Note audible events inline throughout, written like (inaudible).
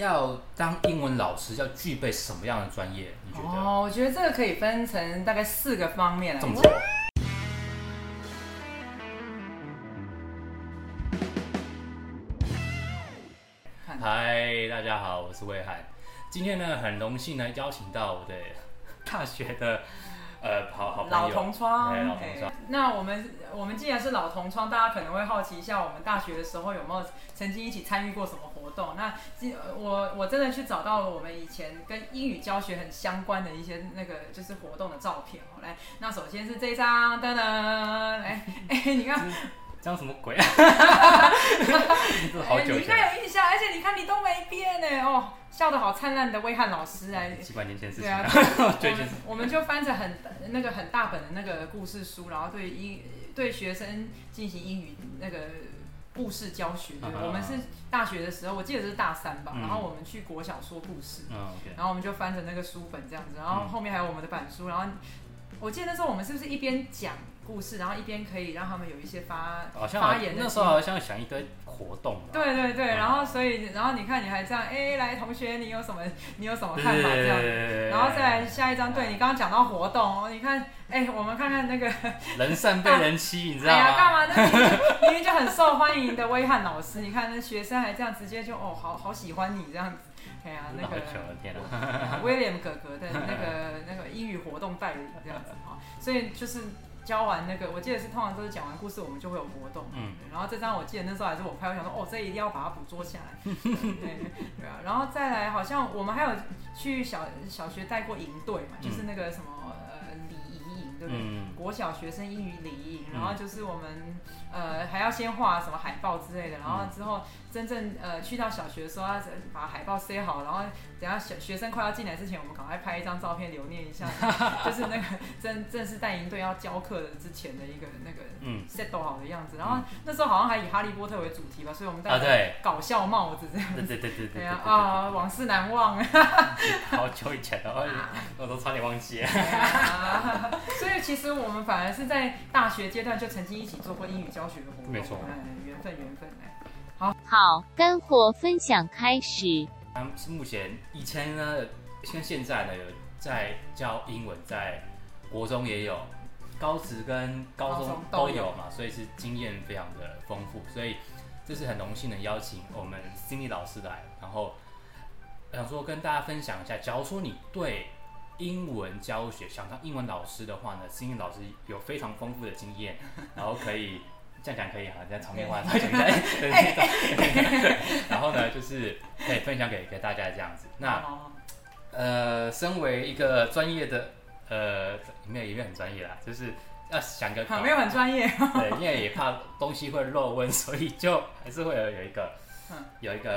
要當英文老師，要具備什麼樣的專業？你覺得？哦，我覺得這個可以分成大概四個方面了。這麼多。嗨，大家好，我是威翰。今天呢，很榮幸來邀請到我的大學的。呃，好好老，老同窗。哎，老同窗。那我們，我們既然是老同窗，大家可能會好奇一下，我們大學的時候有沒有曾經一起參與過什麼活動？那我我真的去找到了我們以前跟英語教學很相關的一些那個就是活動的照片。好，來，那首先是這張，噔噔，哎哎、 (laughs) 欸，你看。嗯講什麼鬼啊！你應該有印象，而且你看你都沒變呢，哦，笑得好燦爛的威翰老師哎，幾百年前事情。對啊，對。我們就翻着很那個很大本的那個故事書，然後對英對學生進行英語那個故事教學。對，我們是大學的時候，我記得是大三吧，然後我們去國小說故事，然後我們就翻着那個書本這樣子，然後後面還有我們的板書，然後我記得那時候我們是不是一邊講？故事，然後一邊可以讓他們有一些發發言。那時候好像想一堆活動。對對對，然後所以然後你看你還這樣，哎，來同學，你有什麼你有什麼看法這樣？然後再來下一張，對你剛剛講到活動，你看，哎，我們看看那個人善被人欺，你知道嗎？哎呀，幹嘛？明明就很受歡迎的威翰老師，你看那學生還這樣直接就哦，好好喜歡你這樣子。哎呀，那個天哪，William 哥哥的那個那個英語活動代理這樣子所以就是。教完那個，我記得是通常都是講完故事，我們就會有活動。嗯，然後這張我記得那時候還是我拍，我想說哦，這一定要把它捕捉下來。 (laughs) 對對，對啊，然後再來好像我們還有去小小學帶過營隊嘛，嗯、就是那個什麼呃禮儀營，對不對？嗯、國小學生英語禮儀營，然後就是我們呃還要先畫什麼海報之類的，然後之後。嗯真正呃，去到小學的時候啊，把海報塞好，然後等下學生快要進來之前，我們趕快拍一張照片留念一下，就是那個正正式帶營隊要教課的之前的一個那個嗯 set 好的樣子。然後那時候好像還以哈利波特為主題吧，所以我們戴著搞笑帽子這樣。對對對對對。對啊，往事難忘。好久以前了，我都差點忘記。所以其實我們反而是在大學階段就曾經一起做過英語教學的活動。沒錯，緣分緣分哎。好，乾貨分享開始。啊、目前以前呢，像現在呢有在教英文，在國中也有，高職跟高中都有嘛，所以是經驗非常的豐富。所以這是很榮幸的邀請我們 Cindy 老師來，然後想說跟大家分享一下，假如說你對英文教學想當英文老師的話呢，Cindy (laughs) 老師有非常豐富的經驗，然後可以。這樣講可以哈？好像在場面話再講，對對對。然後呢，就是可以、欸、分享給給大家這樣子。那呃，身為一個專業的，呃，沒有，也沒有很專業啦，就是要想個，沒有很專業、哦。對，因為也怕東西會漏溫， (laughs) 所以就還是會有有一個，有一個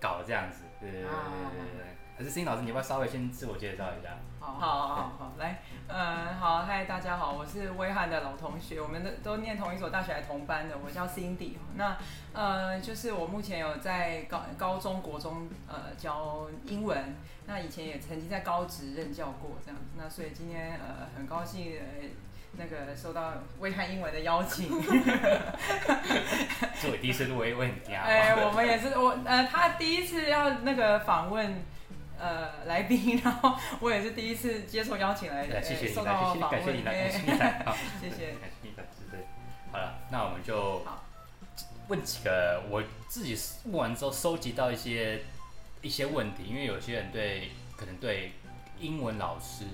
稿這樣子。嗯嗯還是 Cindy 老師，你要不要稍微先自我介紹一下？好好好好，好來，嗯、呃、好，嗨，大家好，我是威翰的老同學，我們都都念同一所大學，還同班的。我叫 Cindy，那呃，就是我目前有在高高中、國中呃教英文，那以前也曾經在高職任教過這樣子。那所以今天呃很高興、呃、那個收到威翰英文的邀請，做第一次，我也問也很驚訝，哎、欸，我們也是，我呃他第一次要那個訪問。呃，來賓，然後我也是第一次接受邀請來，謝謝你，哎、謝謝你來，感謝你來，哎、感謝你來， (laughs) 啊、謝謝，感謝你來，對對，好了，那我們就問幾個， (laughs) 我自己問完之後收集到一些一些問題，因為有些人對可能對英文老師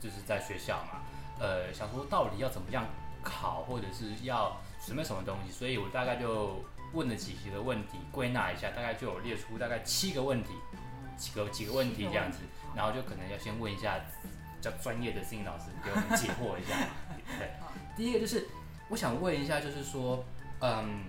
就是在學校嘛，呃，想說到底要怎麼樣考，或者是要準備什麼東西，所以我大概就問了幾題的問題，歸納一下，大概就有列出大概七個問題。幾個幾個問題這樣子，然後就可能要先問一下叫專業的英語老師給我們解惑一下。 (laughs) 對，第一個就是我想問一下，就是說，嗯，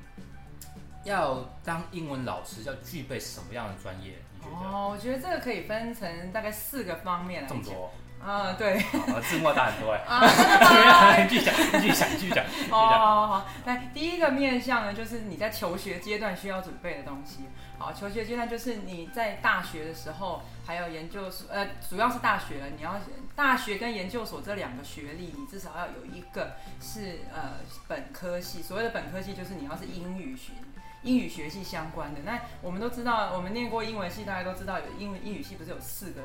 要當英文老師要具備什麼樣的專業？你覺得？哦，我覺得這個可以分成大概四個方面了。且這麼多。啊、嗯，對，字幕大很多哎，繼續繼續講，繼續講，繼續講。哦，好，好，好，好，那第一個面向呢，就是你在求學階段需要準備的東西。好，求學階段就是你在大學的時候，還有研究所，呃，主要是大學了。你要大學跟研究所這兩個學歷，你至少要有一個是呃本科系。所謂的本科系，就是你要是英語學、英語學系相關的。那我們都知道，我們念過英文系，大家都知道有英英語系不是有四個。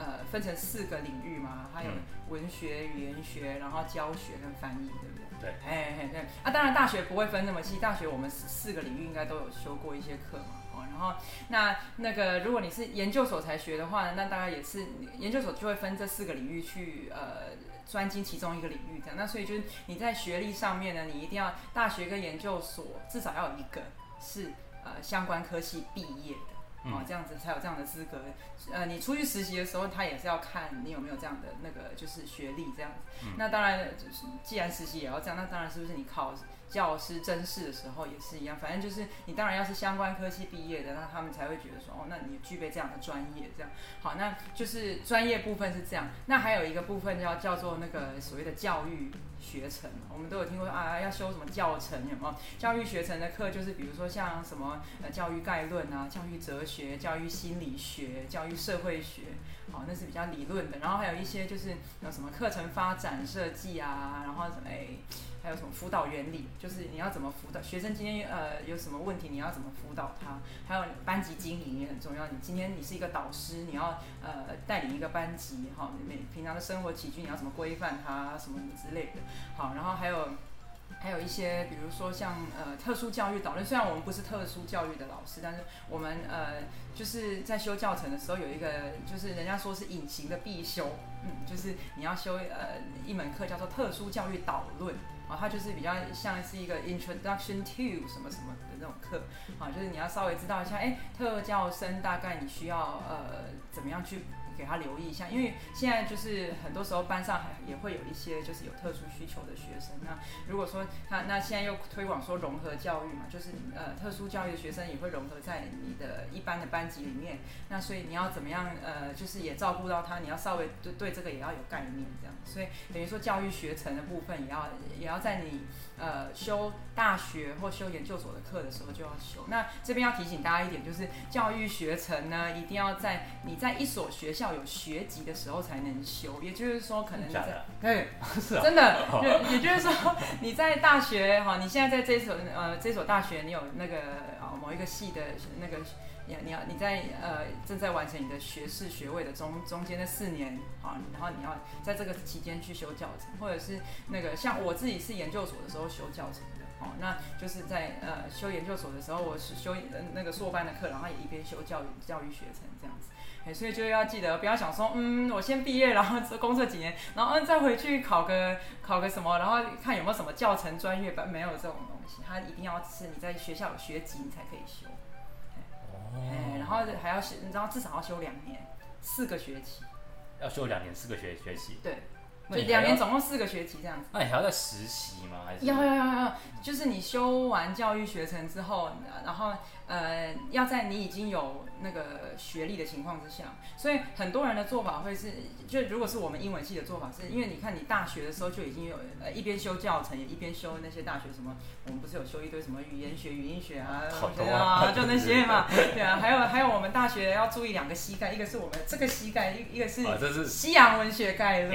呃，分成四個領域嘛，它有文學、語言學，然後教學跟翻譯，對不對？對，哎對，啊當然大學不會分那麼細，大學我們四四個領域應該都有修過一些課嘛，哦，然後那那個如果你是研究所才學的話呢，那大概也是研究所就會分這四個領域去呃專精其中一個領域這樣，那所以就是你在學歷上面呢，你一定要大學跟研究所至少要有一個是呃相關科系畢業。哦，這樣子才有這樣的資格。呃，你出去實習的時候，他也是要看你有沒有這樣的那個，就是學歷這樣子。嗯、那當然，就是既然實習也要這樣，那當然是不是你考教師甄試的時候也是一樣？反正就是你當然要是相關科系畢業的，那他們才會覺得說，哦，那你具備這樣的專業這樣。好，那就是專業部分是這樣。那還有一個部分叫叫做那個所謂的教育學程，我們都有聽過啊，要修什麼教程？有沒有教育學程的課？就是比如說像什麼呃教育概論啊、教育哲學、教育心理學、教育社會學，好，那是比較理論的。然後還有一些就是有什麼課程發展設計啊，然後什麼哎、欸，還有什麼輔導原理？就是你要怎麼輔導學生？今天呃有什麼問題？你要怎麼輔導他？還有班級經營也很重要。你今天你是一個導師，你要呃帶領一個班級，好，每平常的生活起居你要怎麼規範他什麼什麼之類的。好，然後還有還有一些，比如說像呃特殊教育導論，雖然我們不是特殊教育的老師，但是我們呃就是在修教程的時候有一個，就是人家說是隱形的必修，嗯，就是你要修呃一門課叫做特殊教育導論啊，哦，它就是比較像是一個 introduction to 什麼什麼的那種課啊，就是你要稍微知道一下，哎，特教生大概你需要呃怎麼樣去。給他留意一下，因為現在就是很多時候班上還也會有一些就是有特殊需求的學生。那如果說他那現在又推廣說融合教育嘛，就是呃特殊教育的學生也會融合在你的一般的班級裡面。那所以你要怎麼樣呃就是也照顧到他，你要稍微對對這個也要有概念這樣。所以等於說教育學程的部分也要也要在你。呃，修大學或修研究所的課的時候就要修。那這邊要提醒大家一點，就是教育學程呢，一定要在你在一所學校有學籍的時候才能修。也就是說，可能的對是啊，真的， (laughs) 就也就是說，你在大學哈、哦，你現在在這一所呃這一所大學，你有那個啊、哦、某一個系的那個，你你要你在呃正在完成你的學士學位的中中間的四年好、哦，然後你要在這個期間去修教程，或者是那個像我自己是研究所的時候。修教程的哦，那就是在呃修研究所的時候，我是修、呃、那個碩班的課，然後也一邊修教育教育學程這樣子，哎，所以就要記得不要想說，嗯，我先畢業，然後工作幾年，然後再回去考個考個什麼，然後看有沒有什麼教程專業班，沒有這種東西，他一定要是你在學校有學籍你才可以修，哦，哎，然後還要是你知道至少要修兩年，四個學期，要修兩年四個學學期，對。對就兩年總共四個學期這樣子，那你還要再實習嗎？還是要要要要，就是你修完教育學程之後，然後呃，要在你已經有。那個學歷的情況之下，所以很多人的做法會是，就如果是我們英文系的做法是，是因為你看你大學的時候就已經有呃一邊修教程，也一邊修那些大學什麼，我們不是有修一堆什麼語言學、語音學啊，啊，就那些嘛，對，對啊，還有還有我們大學要注意兩個膝蓋，一個是我們這個膝蓋，一一個是、啊，這是西洋文學概論，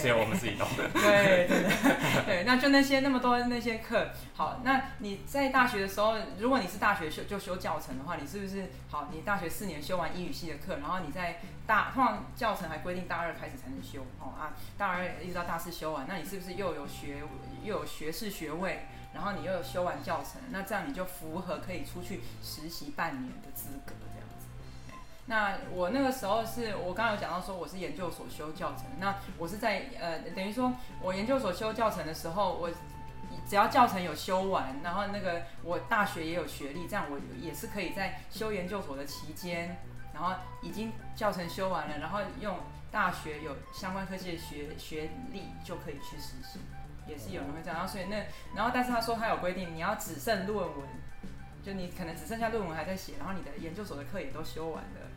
只有我們自己懂的 (laughs) 對，對對對， (laughs) 對，那就那些那麼多那些課，好，那你在大學的時候，如果你是大學就修就修教程的話，你是不是好？你大學四年修完英語系的課，然後你在大通常教程還規定大二開始才能修哦啊，大二一直到大四修完，那你是不是又有學又有學士學位，然後你又有修完教程，那這樣你就符合可以出去實習半年的資格這樣子。那我那個時候是我剛剛有講到說我是研究所修教程，那我是在呃等於說我研究所修教程的時候我。只要教程有修完，然後那個我大學也有學歷，這樣我也是可以在修研究所的期間，然後已經教程修完了，然後用大學有相關科系的學學歷就可以去實習，也是有人會這樣。然後所以那然後，但是他說他有規定，你要只剩論文，就你可能只剩下論文還在寫，然後你的研究所的課也都修完了。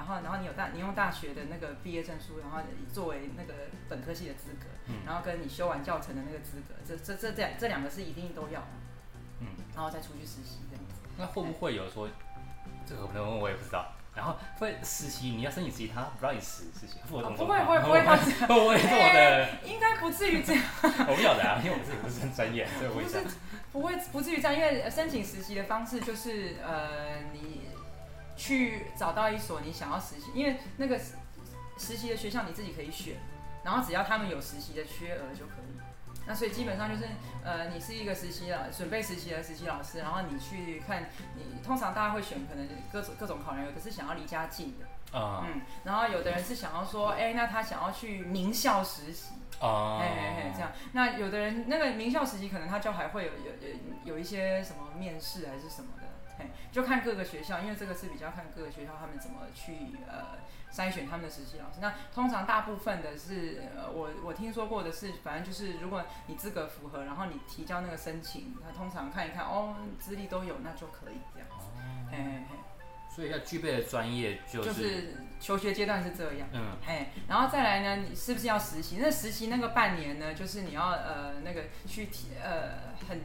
然後，然後你有大，你用大學的那個畢業證書，然後作為那個本科系的資格，然後跟你修完教程的那個資格，這、這、這兩、這這兩個是一定都要的，嗯，然後再出去實習，這樣子。那會不會有說、欸、這個不能問，我也不知道。然後會實習，你要申請實習，他不讓你實實習、啊不會，不會，不會，不會，他不會做我、欸、的，應該不至於這樣。 (laughs) 我不曉得啊，因為我自己不是很專業，所以不曉不會，不至於這樣，因為申請實習的方式就是呃，你。去找到一所你想要實習，因為那個實、實習的學校你自己可以選，然後只要他們有實習的缺額就可以。那所以基本上就是，嗯、呃，你是一個實習的準備實習的實習老師，然後你去看，你通常大家會選可能各種各種考量，有的是想要離家近的啊，嗯，然後有的人是想要說，哎、嗯欸，那他想要去名校實習啊，哎哎哎這樣，那有的人那個名校實習可能他就還會有有有有一些什麼面試還是什麼的。 (music) 就看各個學校，因為這個是比較看各個學校他們怎麼去呃篩選他們的實習老師。那通常大部分的是，呃、我我聽說過的是，反正就是如果你資格符合，然後你提交那個申請，那通常看一看哦，資歷都有，那就可以這樣子。哎，所以要具備的專業、就是、就是求學階段是這樣。嗯，哎，然後再來呢，你是不是要實習？那實習那個半年呢，就是你要呃那個去提呃很。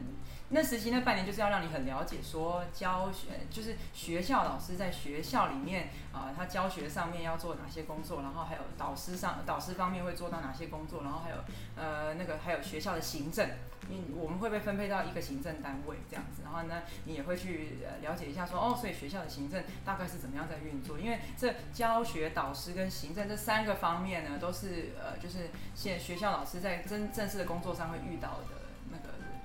那實習那半年就是要讓你很了解，說教學就是學校老師在學校裡面啊，呃，他教學上面要做哪些工作，然後還有導師上導師方面會做到哪些工作，然後還有呃那個還有學校的行政，因為我們會被分配到一個行政單位這樣子，然後呢你也會去了解一下說哦，所以學校的行政大概是怎麼樣在運作？因為這教學、導師跟行政這三個方面呢，都是呃就是現學校老師在真正式的工作上會遇到的。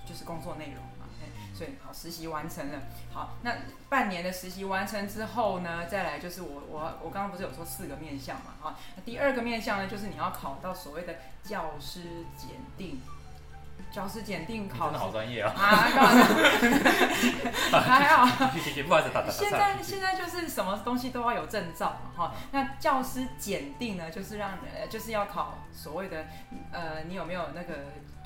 就是工作內容嘛，所以好實習完成了，好那半年的實習完成之後呢，再來就是我我我剛剛不是有說四個面向嘛，哈、哦，第二個面向呢，就是你要考到所謂的教師檢定，教師檢定考真的好專業啊，啊 (laughs) 還好， (laughs) 好現在現在就是什麼東西都要有證照嘛，哈、哦，那教師檢定呢，就是讓呃就是要考所謂的呃你有沒有那個。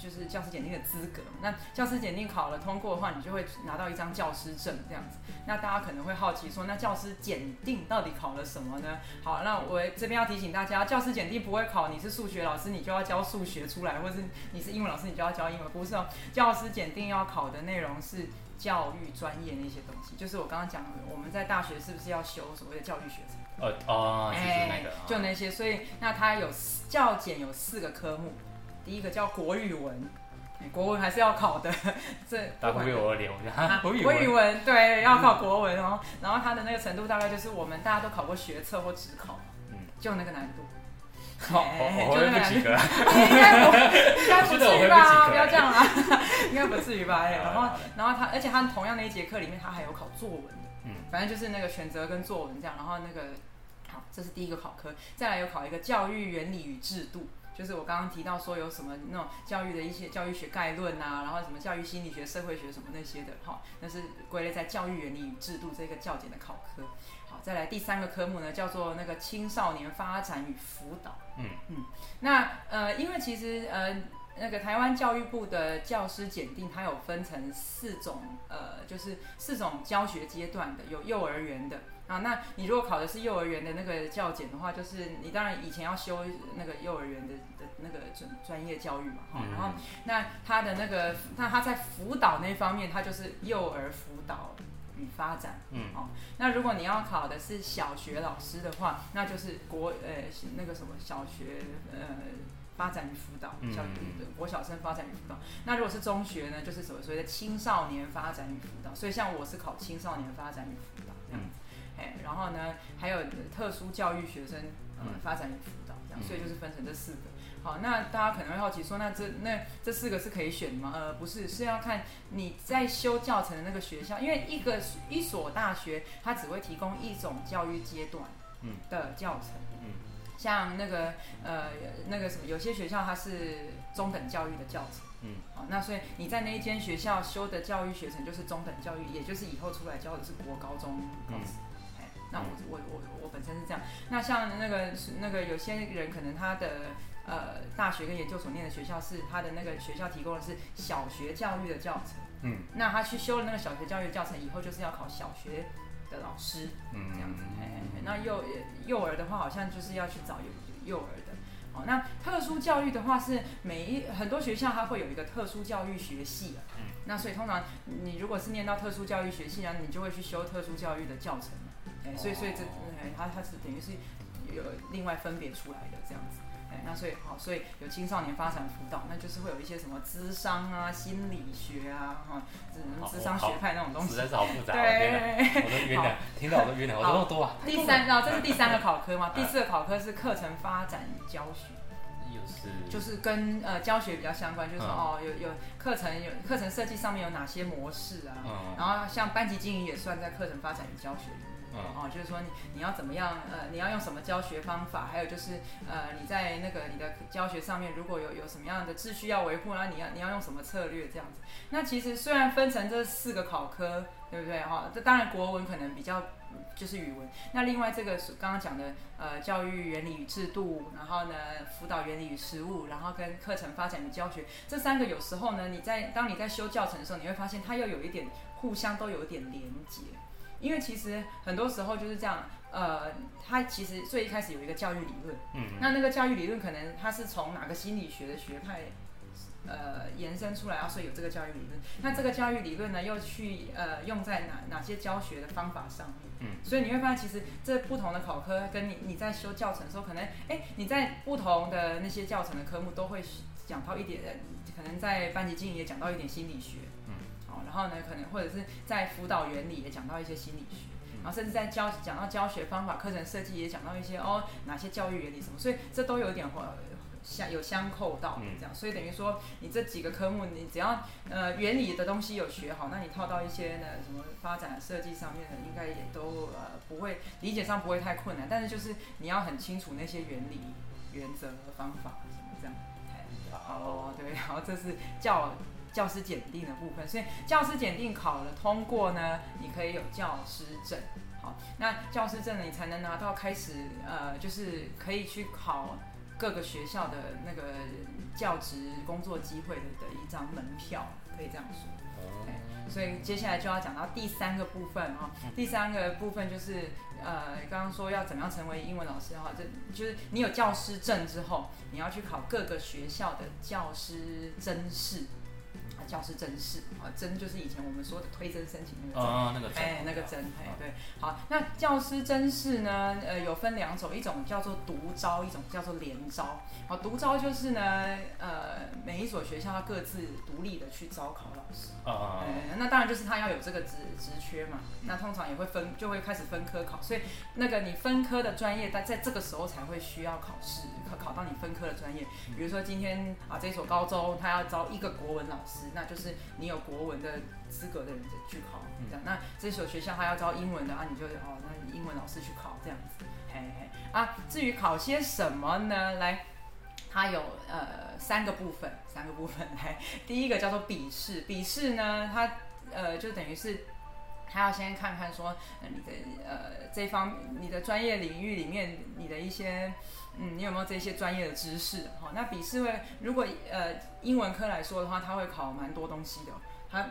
就是教師檢定的資格。那教師檢定考了通過的話，你就會拿到一張教師證這樣子。那大家可能會好奇說，那教師檢定到底考了什麼呢？好，那我這邊要提醒大家，教師檢定不會考你是數學老師你就要教數學出來，或是你是英文老師你就要教英文。不是，哦，教師檢定要考的內容是教育專業那些東西，就是我剛剛講的，我們在大學是不是要修所謂的教育學程？呃啊，就那個，就那些。所以那它有教檢有四個科目。第一個叫國語文，國文還是要考的。這大不國語文對，要考國文哦。然後他的那個程度大概就是我們大家都考過學測或指考，就那個難度。好就好好，就這幾不，應該不至於吧？不要這樣啦，應該不至於吧？然後，然後他，而且他同樣的一節課裡面，他還有考作文的。嗯，反正就是那個選擇跟作文這樣。然後那個，好，這是第一個考科。再來有考一個教育原理與制度。就是我剛剛提到說有什麼那種教育的一些教育學概論啊，然後什麼教育心理學、社會學什麼那些的，哈、哦，那是歸類在教育原理與制度這一個教檢的考科。好，再來第三個科目呢，叫做那個青少年發展與輔導。嗯嗯，那呃，因為其實呃，那個台灣教育部的教師檢定它有分成四種，呃，就是四種教學階段的，有幼兒園的。啊，那你如果考的是幼兒園的那個教檢的話，就是你當然以前要修那個幼兒園的的那個專專業教育嘛，好、哦，嗯嗯，然後那他的那個，那他在輔導那方面，他就是幼兒輔導與發展，哦，嗯，哦，那如果你要考的是小學老師的話，那就是國呃那個什麼小學呃發展與輔導，小學，嗯嗯，國小生發展與輔導，那如果是中學呢，就是所謂的青少年發展與輔導，所以像我是考青少年發展與輔導這樣子。嘿，然後呢，還有特殊教育學生，呃、發展與輔導這樣，所以就是分成這四個。好，那大家可能會好奇說，那這那這四個是可以選的嗎？呃，不是，是要看你在修教程的那個學校，因為一個一所大學它只會提供一種教育階段，嗯，的教程，嗯，像那個呃那個什麼，有些學校它是中等教育的教程，嗯，好，那所以你在那一間學校修的教育學程就是中等教育，也就是以後出來教的是國高中我我我，我本身是這樣。那像那個那個有些人可能他的呃大學跟研究所念的學校是他的那個學校提供的是小學教育的教程，嗯，那他去修了那個小學教育教程以後，就是要考小學的老師，嗯，這樣子。哎，那幼幼兒的話，好像就是要去找幼幼兒的。好，那特殊教育的話是每一很多學校他會有一個特殊教育學系嗯、啊，那所以通常你如果是念到特殊教育學系呢，然後你就會去修特殊教育的教程。哎、欸，所以，所以這，哎、欸，他他是等於是有另外分別出來的這樣子，哎、欸，那所以，好，所以有青少年發展輔導，那就是會有一些什麼諮商啊、心理學啊，哈、嗯，諮商學派那種東西，實在對是好複雜對，我都暈了，好聽到我都暈了，好那麼多啊。第三、哦，這是第三個考科嘛， (laughs) 第四個考科是課程發展與教學，是， (laughs) 就是跟呃教學比較相關，就是說、嗯、哦，有有課程有課程設計上面有哪些模式啊，嗯、然後像班級經營也算在課程發展與教學裡面。哦，就是說你你要怎麼樣，呃，你要用什麼教學方法，還有就是，呃，你在那個你的教學上面如果有有什麼樣的秩序要維護呢？然後你要你要用什麼策略這樣子？那其實雖然分成這四個考科，對不對哈、哦？這當然國文可能比較就是語文，那另外這個是剛剛講的呃教育原理與制度，然後呢輔導原理與實務，然後跟課程發展與教學這三個有時候呢，你在當你在修教程的時候，你會發現它又有一點互相都有一點連接。因為其實很多時候就是這樣，呃，他其實最一開始有一個教育理論，嗯，那那個教育理論可能他是從哪個心理學的學派，呃，延伸出來，啊，所以有這個教育理論。那這個教育理論呢，又去呃用在哪哪些教學的方法上面，嗯，所以你會發現其實這不同的考科跟你你在修教程的時候，可能，哎、欸，你在不同的那些教程的科目都會講到一點，可能在班級經營也講到一點心理學。然後呢，可能或者是在輔導原理也講到一些心理學，嗯、然後甚至在教講到教學方法、課程設計也講到一些哦，哪些教育原理什麼，所以這都有點、呃、相有相扣到這樣，嗯、所以等於說你這幾個科目，你只要呃原理的東西有學好，那你套到一些呢什麼發展設計上面的，應該也都呃不會理解上不會太困難，但是就是你要很清楚那些原理、原則、和方法什麼這樣太道哦，對，然後這是教。教師檢定的部分，所以教師檢定考了通過呢，你可以有教師證。好，那教師證你才能拿到開始，呃，就是可以去考各個學校的那個教職工作機會的的一張門票，可以這樣說。所以接下來就要講到第三個部分啊。第三個部分就是呃，剛剛說要怎麼樣成為英文老師的話，就就是你有教師證之後，你要去考各個學校的教師甄試。教師甄試啊，真就是以前我們說的推甄申請那個招、啊啊，那個哎、欸，那個甄，哎、啊，對。好，那教師甄試呢，呃，有分兩種，一種叫做獨招，一種叫做聯招。啊，獨招就是呢，呃，每一所學校要各自獨立的去招考老師啊啊啊，啊、欸。那當然就是他要有這個職職缺嘛，那通常也會分，就會開始分科考，所以那個你分科的專業在在這個時候才會需要考試。考到你分科的專業，比如說今天啊，這所高中他要招一個國文老師，那就是你有國文的資格的人去考，這樣。那這所學校他要招英文的啊，你就哦，那你英文老師去考這樣子。嘿嘿啊，至於考些什麼呢？來，它有呃三個部分，三個部分來。第一個叫做筆試，筆試呢，它呃就等於是。還要先看看說，呃、你的呃，這一方你的專業領域裡面，你的一些，嗯，你有沒有這些專業的知識？哈、哦，那筆試會，如果呃，英文科來說的話，他會考蠻多東西的。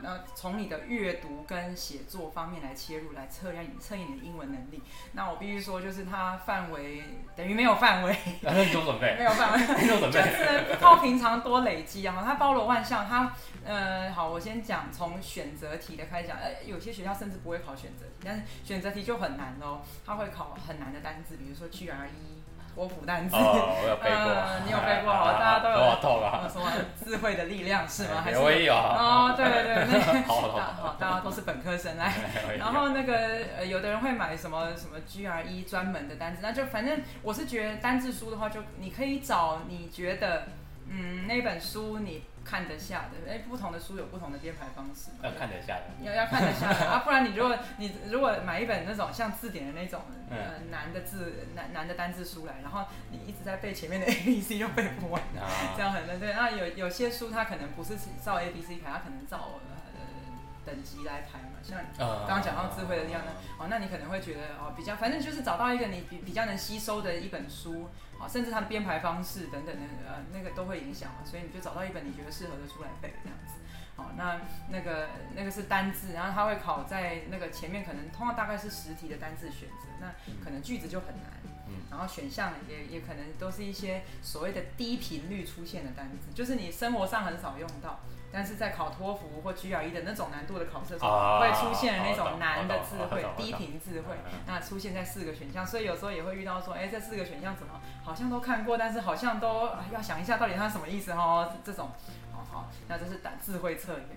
那從你的閱讀跟寫作方面來切入，來測量你測驗你的英文能力。那我必須說，就是它範圍等於沒有範圍，多準備，沒有範圍，沒有準備，就是靠平常多累積啊，它包羅萬象，它呃，好，我先講從選擇題的開講。呃，有些學校甚至不會考選擇題，但是選擇題就很難咯，他會考很難的單字，比如說 GRE。國普單字，你有背過？好，大家都有。什麼智慧的力量是嗎？還是？有。哦，對對對，那個好，好，大家都是本科生來。然後那個呃，有的人會買什麼什麼 GRE 專門的單字，那就反正我是覺得單字書的話，就你可以找你覺得嗯那本書你。看得下的誒，不同的書有不同的編排方式要要。要看得下的，要要看得下的啊，不然你如果你如果買一本那種像字典的那種、嗯、呃難的字難難的單字書來，然後你一直在背前面的 A B C 就背不完了，啊、這樣很累。對，那有有些書它可能不是照 A B C 排，它可能照呃等級來排嘛。像剛剛講到智慧的那樣呢，哦，那你可能會覺得哦比較，反正就是找到一個你比比較能吸收的一本書。好，甚至它的編排方式等等的，呃，那個都會影響嘛，所以你就找到一本你覺得適合的出來背這樣子。好，那那個那個是單字，然後它會考在那個前面，可能通常大概是十題的單字選擇，那可能句子就很難。嗯，然後選項呢也也可能都是一些所謂的低頻率出現的單詞，就是你生活上很少用到，但是在考托福或 GRE 的那種難度的考試中、啊、會出現那種難的字彙，低頻字彙，啊、那出現在四個選項，所以有時候也會遇到說，哎，這四個選項怎麼好像都看過，但是好像都要想一下到底它什麼意思哦，這種，哦好,好，那這是單字彙測驗。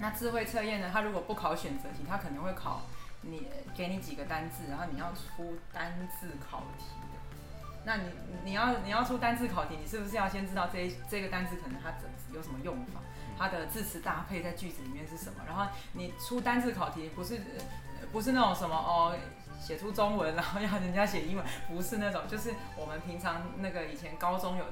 那字彙測驗呢，它如果不考選擇題，它可能會考。你給你幾個單字，然後你要出單字考題的。那你你要你要出單字考題，你是不是要先知道這這個單字可能它有什麼用法，它的字詞搭配在句子裡面是什麼？然後你出單字考題，不是不是那種什麼哦，寫出中文然後要人家寫英文，不是那種，就是我們平常那個以前高中有。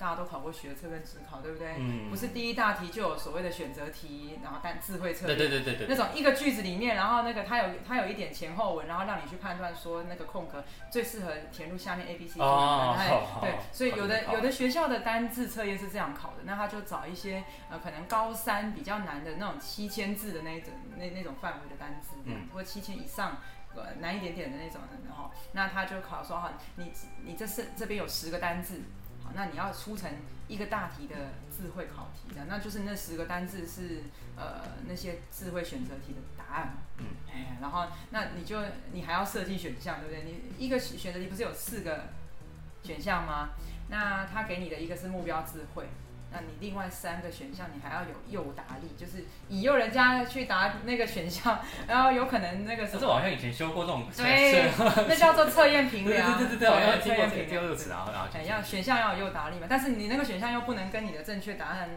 大家都考過學測跟指考，對不對？嗯。不是第一大題就有所謂的選擇題，然後單字測驗。對對對對，對、對那種一個句子裡面，然後那個它有它有，有一點前後文，然後讓你去判斷說那個空格最適合填入下面 A B C D 的。哦。好對，好所以有的，的有的學校的單字測驗是這樣考的，那他就找一些呃可能高三比較難的那種七千字的那一種那那種範圍的單字，嗯、或七千以上、呃、難一點點的那種的，然後那他就考說哈，你你這是這邊有十個單字。那你要出成一個大題的字彙考題的，那就是那十個單字是呃那些字彙選擇題的答案嘛，嗯、哎，然後那你就你還要設計選項，對不對？你一個選擇題不是有四個選項嗎？那他給你的一個是目標字彙。那你另外三個選項，你還要有誘答力，就是引誘人家去答那個選項，然後有可能那個是。可是我好像以前修過這種。對，那叫做測驗評量。對對對對對，測驗評量。第二次要選項要有誘答力嘛，但是你那個選項又不能跟你的正確答案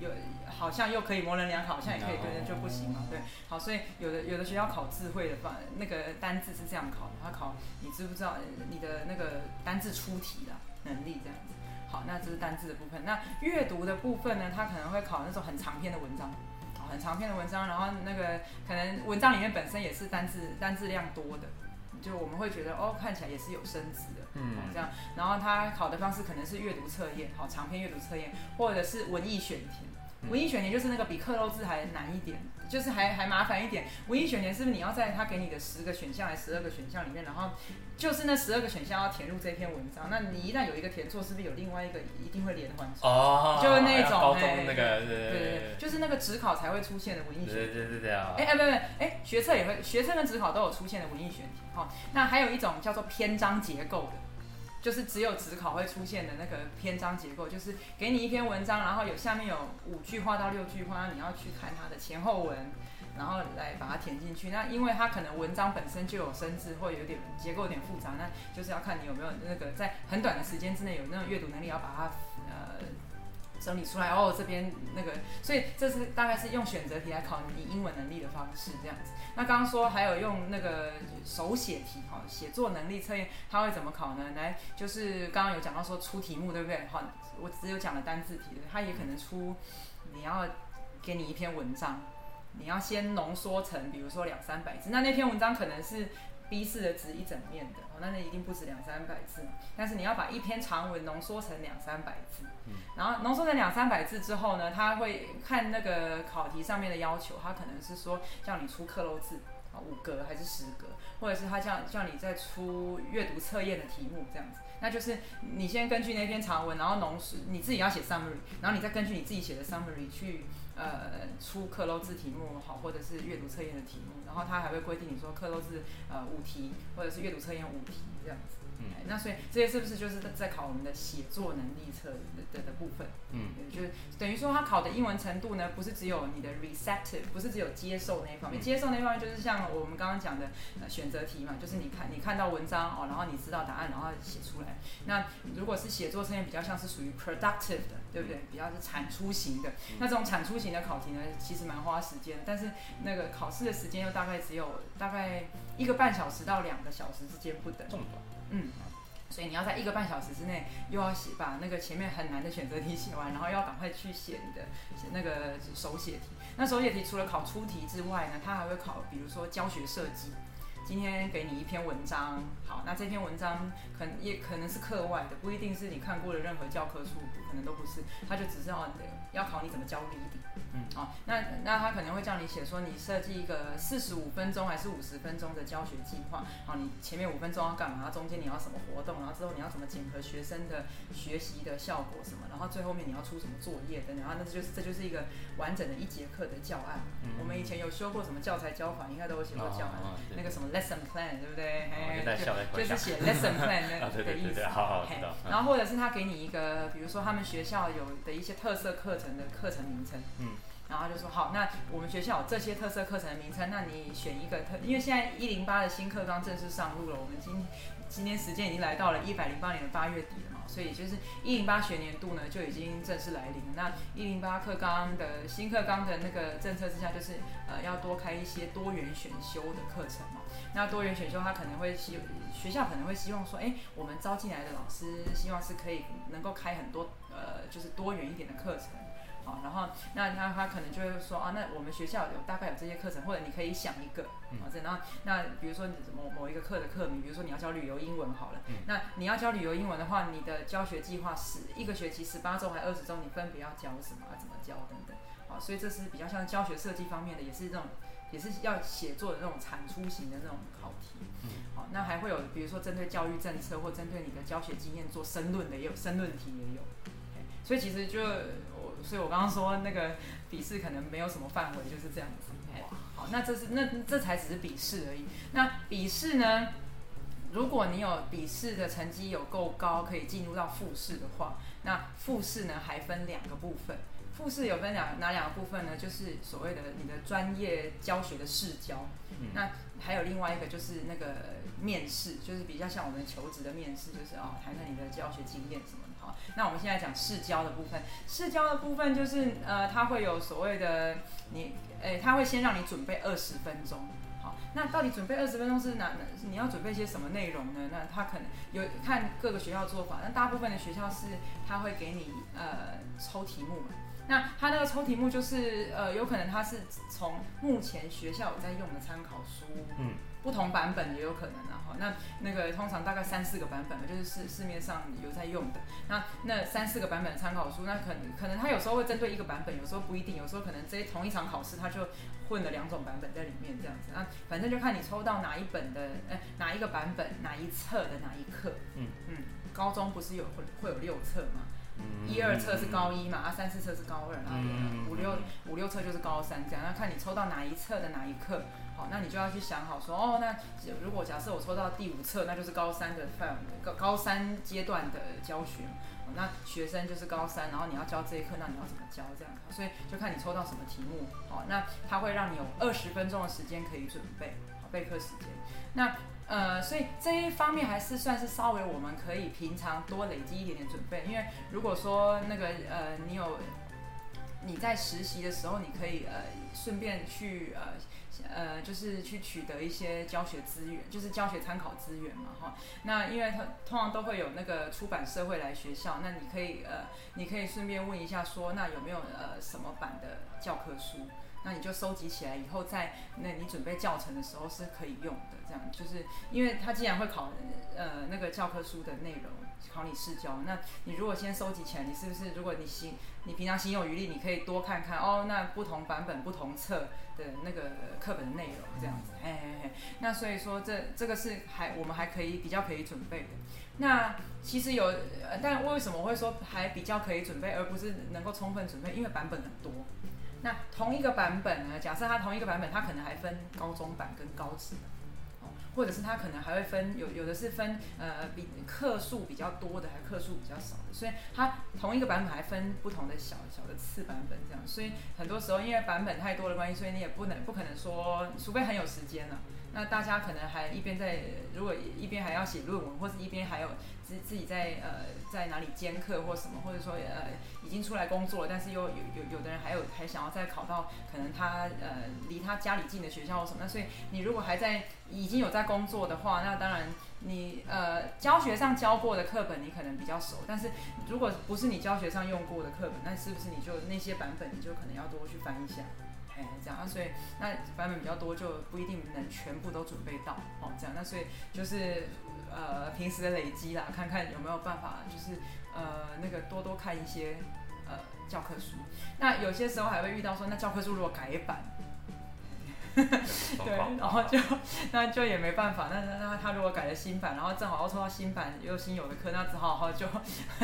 有好像又可以模稜兩可，好像也可以，yeah, 對，就不行嘛，對。好，所以有的有的學校考智慧的方，那個單字是這樣考的，他考你知不知道你的那個單字出題的能力這樣子。好，那這是單字的部分。那閱讀的部分呢？它可能會考那種很長篇的文章，很長篇的文章，然後那個可能文章裡面本身也是單字，單字量多的，就我們會覺得哦，看起來也是有生詞的，嗯，這樣。然後它考的方式可能是閱讀測驗，好，長篇閱讀測驗，或者是文意選填。文意選填就是那個比克漏字還難一點，就是還還麻煩一點。文意選填是不是你要在他給你的十個選項還是十二個選項裡面，然後就是那十二個選項要填入這篇文章？那你一旦有一個填錯，是不是有另外一個一定會連環？哦就、哎，就是那種對，對對就是那個指考才會出現的文意選填。對對對對啊！哎哎、欸，不、欸、不，哎、欸，學測也會，學測跟指考都有出現的文意選填哈。那還有一種叫做篇章結構的。就是只有指考會出現的那個篇章結構，就是給你一篇文章，然後有下面有五句話到六句話，你要去看它的前後文，然後來把它填進去。那因為它可能文章本身就有生字或有點結構有點複雜，那就是要看你有沒有那個在很短的時間之內有那種閱讀能力，要把它。整理出來，哦，這邊那個，所以這是大概是用選擇題來考你英文能力的方式，這樣子。那剛剛說還有用那個手寫題，哈，寫作能力測驗，它會怎麼考呢？來，就是剛剛有講到說出題目，對不對？好，我只有講了單字題，它也可能出，你要給你一篇文章，你要先濃縮成，比如說兩三百字，那那篇文章可能是，B 4的紙一整面的，哦，那那一定不止兩三百字。但是你要把一篇長文濃縮成兩三百字，嗯，然後濃縮成兩三百字之後呢，他會看那個考題上面的要求，他可能是說叫你出克漏字啊，五格還是十格，或者是他叫叫你再出閱讀測驗的題目這樣子。那就是你先根據那篇長文，然後濃縮，你自己要寫 summary，然後你再根據你自己寫的 summary 去。呃，出克漏字題目好，或者是閱讀測驗的題目，然後他還會規定你說克漏字，呃，五題，或者是閱讀測驗五題這樣子。嗯，那所以這些是不是就是在考我們的寫作能力測的的，的部分？對對嗯，就是等於說他考的英文程度呢，不是只有你的 receptive，不是只有接受那一方面，嗯、接受那一方面就是像我們剛剛講的、呃、選擇題嘛，就是你看你看到文章哦，然後你知道答案，然後寫出來。嗯、那如果是寫作測驗，比較像是屬於 productive 的，對不對？比較是產出型的。嗯、那這種產出型的考題呢，其實蠻花時間的，但是那個考試的時間又大概只有大概一個半小時到兩個小時之間不等。嗯嗯，所以你要在一個半小時之內，又要寫把那個前面很難的選擇題寫完，然後又要趕快去寫你的那個手寫題。那手寫題除了考出題之外呢，它還會考，比如說教學設計。今天給你一篇文章，好，那這篇文章可能也可能是課外的，不一定是你看過的任何教科書，可能都不是，它就只是要你的。要考你怎麼教一底，嗯，哦、啊，那那他可能會叫你寫說你設計一個四十五分鐘還是五十分鐘的教學計劃，好、啊，你前面五分鐘要幹嘛，中間你要什麼活動，然後之後你要怎麼檢核學生的學習的效果什麼，然後最後面你要出什麼作業等等，啊，那就是、這就是一個完整的一節課的教案。嗯、我們以前有修過什麼教材教法，應該都有寫過教案，啊啊啊啊那個什麼 lesson plan 對不對？哎、哦， (laughs) 就是寫 lesson plan 的 (laughs) 的意思。嗯、然後或者是他給你一個，比如說他們學校有的一些特色課。課程的課程名稱，嗯，然後就說好，那我們學校有這些特色課程的名稱，那你選一個特，因為現在一零八的新課綱正式上路了，我們今今天時間已經來到了一百零八年的八月底了嘛，所以就是一零八學年度呢就已經正式來臨。那一零八課綱的新課綱的那個政策之下，就是呃要多開一些多元選修的課程嘛。那多元選修，他可能會希學校可能會希望說，哎，我們招進來的老師，希望是可以能夠開很多。呃，就是多元一點的課程，然後那他他可能就會說啊，那我們學校有大概有這些課程，或者你可以想一個，嗯、然後那比如說你某某一個課的課名，比如說你要教旅遊英文好了，嗯、那你要教旅遊英文的話，你的教學計劃是一個學期十八周還二十周？你分別要教什麼？啊、怎麼教等等，好，所以這是比較像教學設計方面的，也是這種也是要寫作的那種產出型的這種考題，嗯、好，那還會有比如說針對教育政策或針對你的教學經驗做申論的，也有申論題也有。所以其實就我，所以我剛剛說那個筆試可能沒有什麼範圍，就是這樣子。哇，好，那這是那，那這才只是筆試而已。那筆試呢，如果你有筆試的成績有夠高，可以進入到複試的話，那複試呢還分兩個部分。複試有分兩哪兩個部分呢？就是所謂的你的專業教學的試教，嗯，那還有另外一個就是那個面試，就是比較像我們求職的面試，就是哦，談談你的教學經驗什麼。那我們現在講試教的部分，試教的部分就是呃，它會有所謂的你，誒、欸，它會先讓你準備二十分鐘，好，那到底準備二十分鐘是哪？你要準備些什麼內容呢？那他可能有看各個學校做法，那大部分的學校是他會給你呃抽題目嘛，那他那個抽題目就是呃，有可能他是從目前學校有在用的參考書，嗯。不同版本也有可能啊，哈，那那個通常大概三四個版本，就是市市面上有在用的。那那三四個版本的參考書，那可能可能他有時候會針對一個版本，有時候不一定，有時候可能這一同一場考試他就混了兩種版本在裡面這樣子啊。那反正就看你抽到哪一本的，呃、哪一個版本，哪一冊的哪一課。嗯嗯。高中不是有會有六冊嗎？嗯、一二冊是高一嘛，嗯、啊，三四冊是高二，啊、嗯，五六、嗯、五六冊就是高三這樣。那看你抽到哪一冊的哪一課。好，那你就要去想好說哦，那如果假設我抽到第五冊，那就是高三的範圍，高高三階段的教學，哦，那學生就是高三，然後你要教這一課，那你要怎麼教這樣？所以就看你抽到什麼題目，好，那它會讓你有二十分鐘的時間可以準備，好備課時間。那呃，所以這一方面還是算是稍微我們可以平常多累積一點點準備，因為如果說那個呃，你有你在實習的時候，你可以呃，順便去呃。呃，就是去取得一些教學資源，就是教學參考資源嘛，哈。那因為他通常都會有那個出版社會來學校，那你可以呃，你可以順便問一下說，說那有沒有呃什麼版的教科書？那你就收集起來，以後在那你準備教程的時候是可以用的。這樣就是，因為他既然會考呃那個教科書的內容。考你試教，那你如果先收集起來，你是不是如果你行你平常行有餘力，你可以多看看哦。那不同版本、不同冊的那個課本內容，這樣子，嘿嘿嘿。那所以說這，這這個是還我們還可以比較可以準備的。那其實有，但為什麼會說還比較可以準備，而不是能夠充分準備？因為版本很多。那同一個版本呢？假設它同一個版本，它可能還分高中版跟高職。哦、或者是它可能還會分有，有的是分呃比課數比較多的，還課數比較少的，所以它同一個版本還分不同的小小的次版本這樣，所以很多時候因為版本太多的關係，所以你也不能，不可能說，除非很有時間了，啊，那大家可能還一邊在，如果一邊還要寫論文，或是一邊還有。自自己在呃在哪裡兼課或什麼，或者說呃已經出來工作了，但是又有有有的人還有還想要再考到可能他呃離他家裡近的學校或什麼，那所以你如果還在已經有在工作的話，那當然你呃教學上教過的課本你可能比較熟，但是如果不是你教學上用過的課本，那是不是你就那些版本你就可能要多去翻一下，哎這樣，那所以那版本比較多就不一定能全部都準備到哦，這樣那所以就是。呃，平時的累積啦，看看有沒有辦法，就是呃，那個多多看一些呃教科書。那有些時候還會遇到說，那教科書如果改版，嗯、 (laughs) 對，然後就那就也沒辦法。那那他如果改了新版，然後正好要抽到新版又新有的課，那只好，好，好就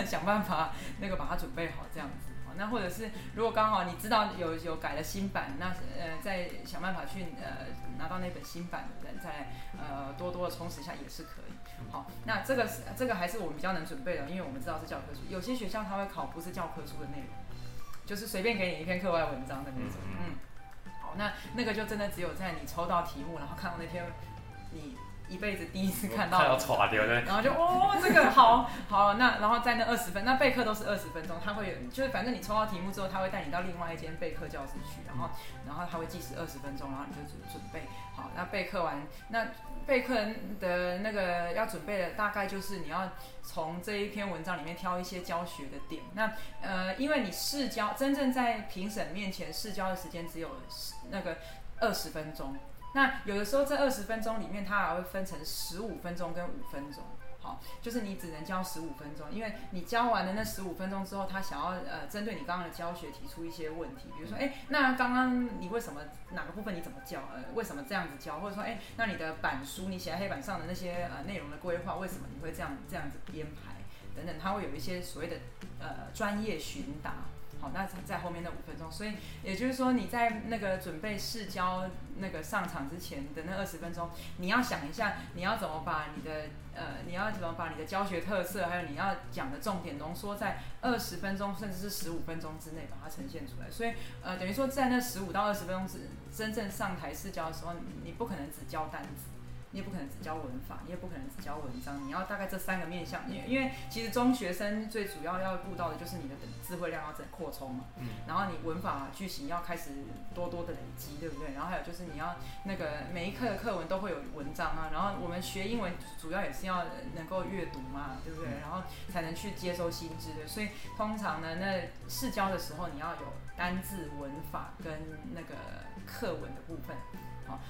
想辦法那個把它準備好這樣子。好，那或者是如果剛好你知道有有改了新版，那呃再想辦法去呃拿到那本新版的再呃多多的充實一下也是可以。好，那這個是、啊、這個還是我們比較能準備的，因為我們知道是教科書，有些學校他會考不是教科書的內容，就是隨便給你一篇課外文章的那種。嗯、嗯，好，那那個就真的只有在你抽到題目，然後看到那篇你。一輩子第一次看到，要垮掉，對，然後就哦，這個好，好，那然後在那二十分。 (laughs) 那備課都是二十分鐘，他會有就是反正你抽到題目之後，他會帶你到另外一間備課教室去，然後然後他會計時二十分鐘，然後你就準準備好。那備課完，那備課的那個要準備的大概就是你要從這一篇文章裡面挑一些教學的點。那呃，因為你試教真正在評審面前試教的時間只有那個二十分鐘。那有的時候，這二十分鐘裡面，它還會分成十五分鐘跟五分鐘，好，就是你只能教十五分鐘，因為你教完了那十五分鐘之後，他想要呃針對你剛剛的教學提出一些問題，比如說，哎，那剛剛你為什麼哪個部分你怎麼教，呃，為什麼這樣子教，或者說，哎，那你的板書你寫在黑板上的那些呃內容的規劃，為什麼你會這樣這樣子編排，等等，他會有一些所謂的呃專業詢答。那在後面那五分鐘。所以也就是說，你在那個準備試教那個上場之前的那二十分鐘，你要想一下你要怎麼把你的呃，你要怎麼把你的教學特色還有你要講的重點濃縮在二十分鐘，甚至是十五分鐘之內把它呈現出來。所以呃等於說，在那十五到二十分鐘之真正上台試教的時候，你不可能只教單字。你也不可能只教文法，你也不可能只教文章，你要大概這三個面向，因為，因為其實中學生最主要要顧到的就是你的詞彙量要再擴充嘛，嗯，然後你文法句型要開始多多的累積，對不對？然後還有就是你要那個每一課的課文都會有文章啊，然後我們學英文主要也是要能夠閱讀嘛，對不對？然後才能去接收新知的，所以通常呢，那試教的時候你要有單字、文法跟那個課文的部分。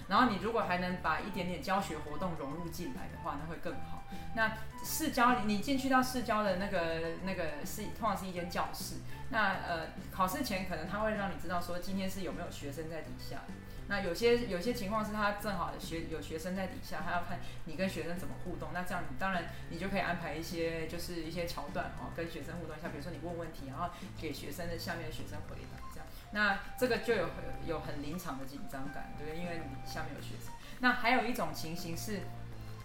然後你如果還能把一點點教學活動融入進來的話，那會更好。那試教，你進去到試教的那個那個是通常是一間教室。那呃考試前可能他會讓你知道說今天是有沒有學生在底下。那有些有些情況是他正好有學有學生在底下，他要看你跟學生怎麼互動。那這樣你當然你就可以安排一些就是一些橋段哦，跟學生互動一下。比如說你問問題，然後給學生的下面的學生回答。那這個就有有很臨場的緊張感，對不對？因為你下面有學生。那還有一種情形是，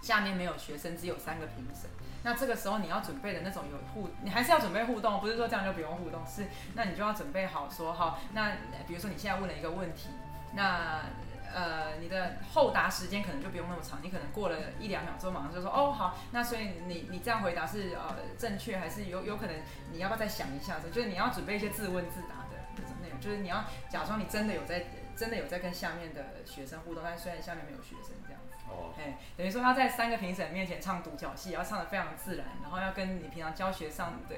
下面沒有學生，只有三個評審。那這個時候你要準備的那種有互，你還是要準備互動，不是說這樣就不用互動。是，那你就要準備好說好。那比如說你現在問了一個問題，那呃你的候答時間可能就不用那麼長，你可能過了一兩秒之後馬上就說哦好。那所以你你這樣回答是呃正確，還是有有可能你要不要再想一下？就是你要準備一些自問自答。就是你要假裝你真的有在，真的有在跟下面的學生互動，但雖然下面沒有學生這樣。哎、oh. 欸，等於說他在三個評審面前唱獨角戲，然後唱得非常自然，然後要跟你平常教學上的，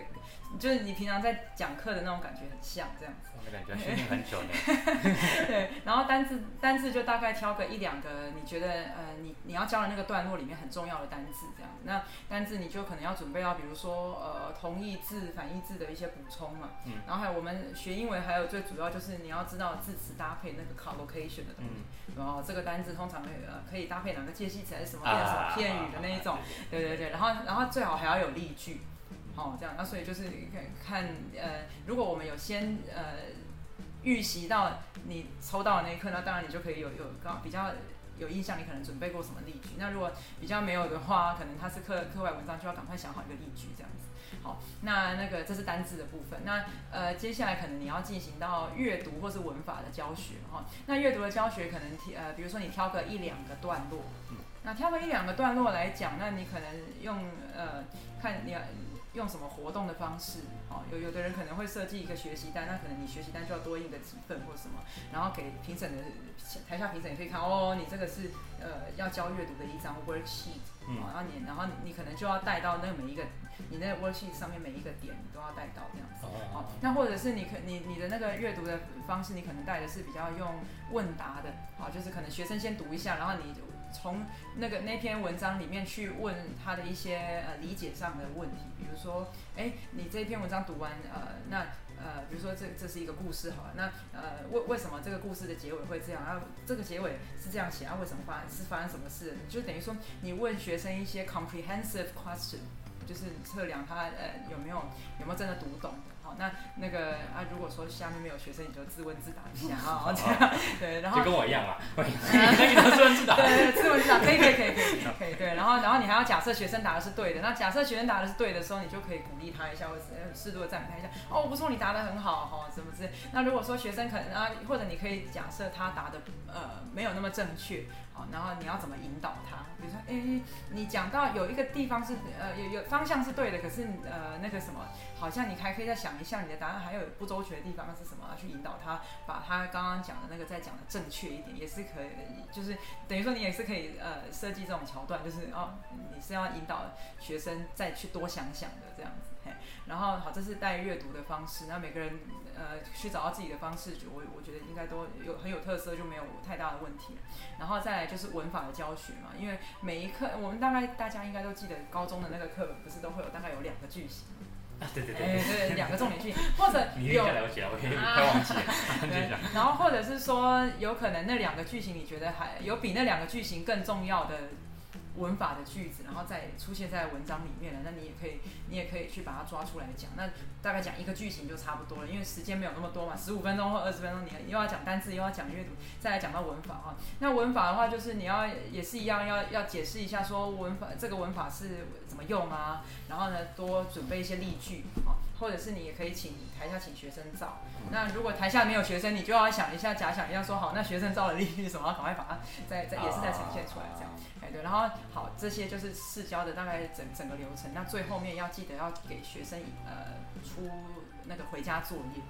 就是你平常在講課的那種感覺很像，這樣子。我沒感覺學練很久的。欸、 (laughs) 對，然後單字 (laughs) 單字就大概挑個一兩個，你覺得呃你你要教的那個段落裡面很重要的單字這樣子。那單字你就可能要準備到，比如說呃同義字、反義字的一些補充嘛。嗯。然後還有我們學英文，還有最主要就是你要知道字詞搭配那個 collocation 的東西。嗯、然後這個單字通常可呃可以搭配哪兩個介系詞還是什麼片語的那一種，對對對，然後然後最好還要有例句。哦，這樣啊。那所以就是看呃，如果我們有先呃預習到你抽到的那一課，那當然你就可以有有比較有印象，你可能準備過什麼例句。那如果比較沒有的話，可能它是課課外文章，就要趕快想好一個例句這樣子。好，那那個這是單字的部分。那呃，接下來可能你要進行到閱讀或是文法的教學哈、哦。那閱讀的教學可能呃，比如說你挑個一兩個段落，嗯，那挑個一兩個段落來講，那你可能用呃，看你要。用什麼活動的方式？哦，有有的人可能會設計一個學習單，那可能你學習單就要多印個幾份或什麼，然後給評審的台下評審也可以看。哦，你這個是呃要教閱讀的一張 worksheet，哦，然後你然後你，你可能就要帶到那每一個你那 worksheet 上面每一個點，你都要帶到這樣子。哦，那、啊、或者是你可你你的那個閱讀的方式，你可能帶的是比較用問答的，好，就是可能學生先讀一下，然後你，從那個那篇文章裡面去問他的一些呃理解上的問題，比如說，哎、欸，你這篇文章讀完，呃，那呃，比如說這這是一個故事好了，那呃，為為什麼這個故事的結尾會這樣啊？這個結尾是這樣寫啊？為什麼發是發生什麼事？就等於說你問學生一些 comprehensive question，就是測量他呃有沒有有沒有真的讀懂。那那個啊，如果說下面沒有學生，你就自問自答一下啊。哦哦，對，然後就跟我一樣嘛，可、嗯啊、以，可以自問自答，對對自問自答，可以可以可以可以，可以對，然後然後你還要假設學生答的是對的，那假設學生答的是對的時候，你就可以鼓勵他一下，或者適、呃、度的讚美他一下，哦不錯，你答的很好哦，怎麼，那如果說學生可能啊，或者你可以假設他答的呃沒有那麼正確。好，然後你要怎麼引導他？比如說，哎，你講到有一個地方是，呃，有有方向是對的，可是，呃，那個什麼，好像你還可以再想一下，你的答案還有不周全的地方是什麼？啊，去引導他，把他剛剛講的那個再講的正確一點，也是可以，就是等於說你也是可以，呃，設計這種橋段，就是哦，你是要引導學生再去多想想的這樣子。然後好，這是帶閱讀的方式。那每個人呃去找到自己的方式，我我覺得應該都有很有特色，就沒有太大的問題。然後再來就是文法的教學嘛，因為每一課我們大概大家應該都記得高中的那個課本，不是都會有大概有兩個句型，啊、對對對、欸、對，兩個重點句型，或者有你應該了解，我有、啊、忘記 (laughs) 對、啊、然後或者是說，有可能那兩個句型你覺得還有比那兩個句型更重要的文法的句子，然後再出現在文章裡面了，那你也可以。你也可以去把它抓出來講，那大概講一個句型就差不多了，因為時間沒有那麼多嘛，十五分鐘或二十分鐘，你又要講單字，又要講閱讀，再來講到文法啊、哦。那文法的話，就是你要也是一樣，要要解釋一下，說文法這個文法是怎麼用啊？然後呢，多準備一些例句啊，或者是你也可以請台下請學生造。嗯、那如果台下沒有學生，你就要想一下假想一下說，說好，那學生造的例句什麼，趕快把它再再，也是再呈現出來這樣。哎、啊、對，然後好，這些就是試教的大概整整個流程。那最後面要記。記得要給學生呃出那個回家作業，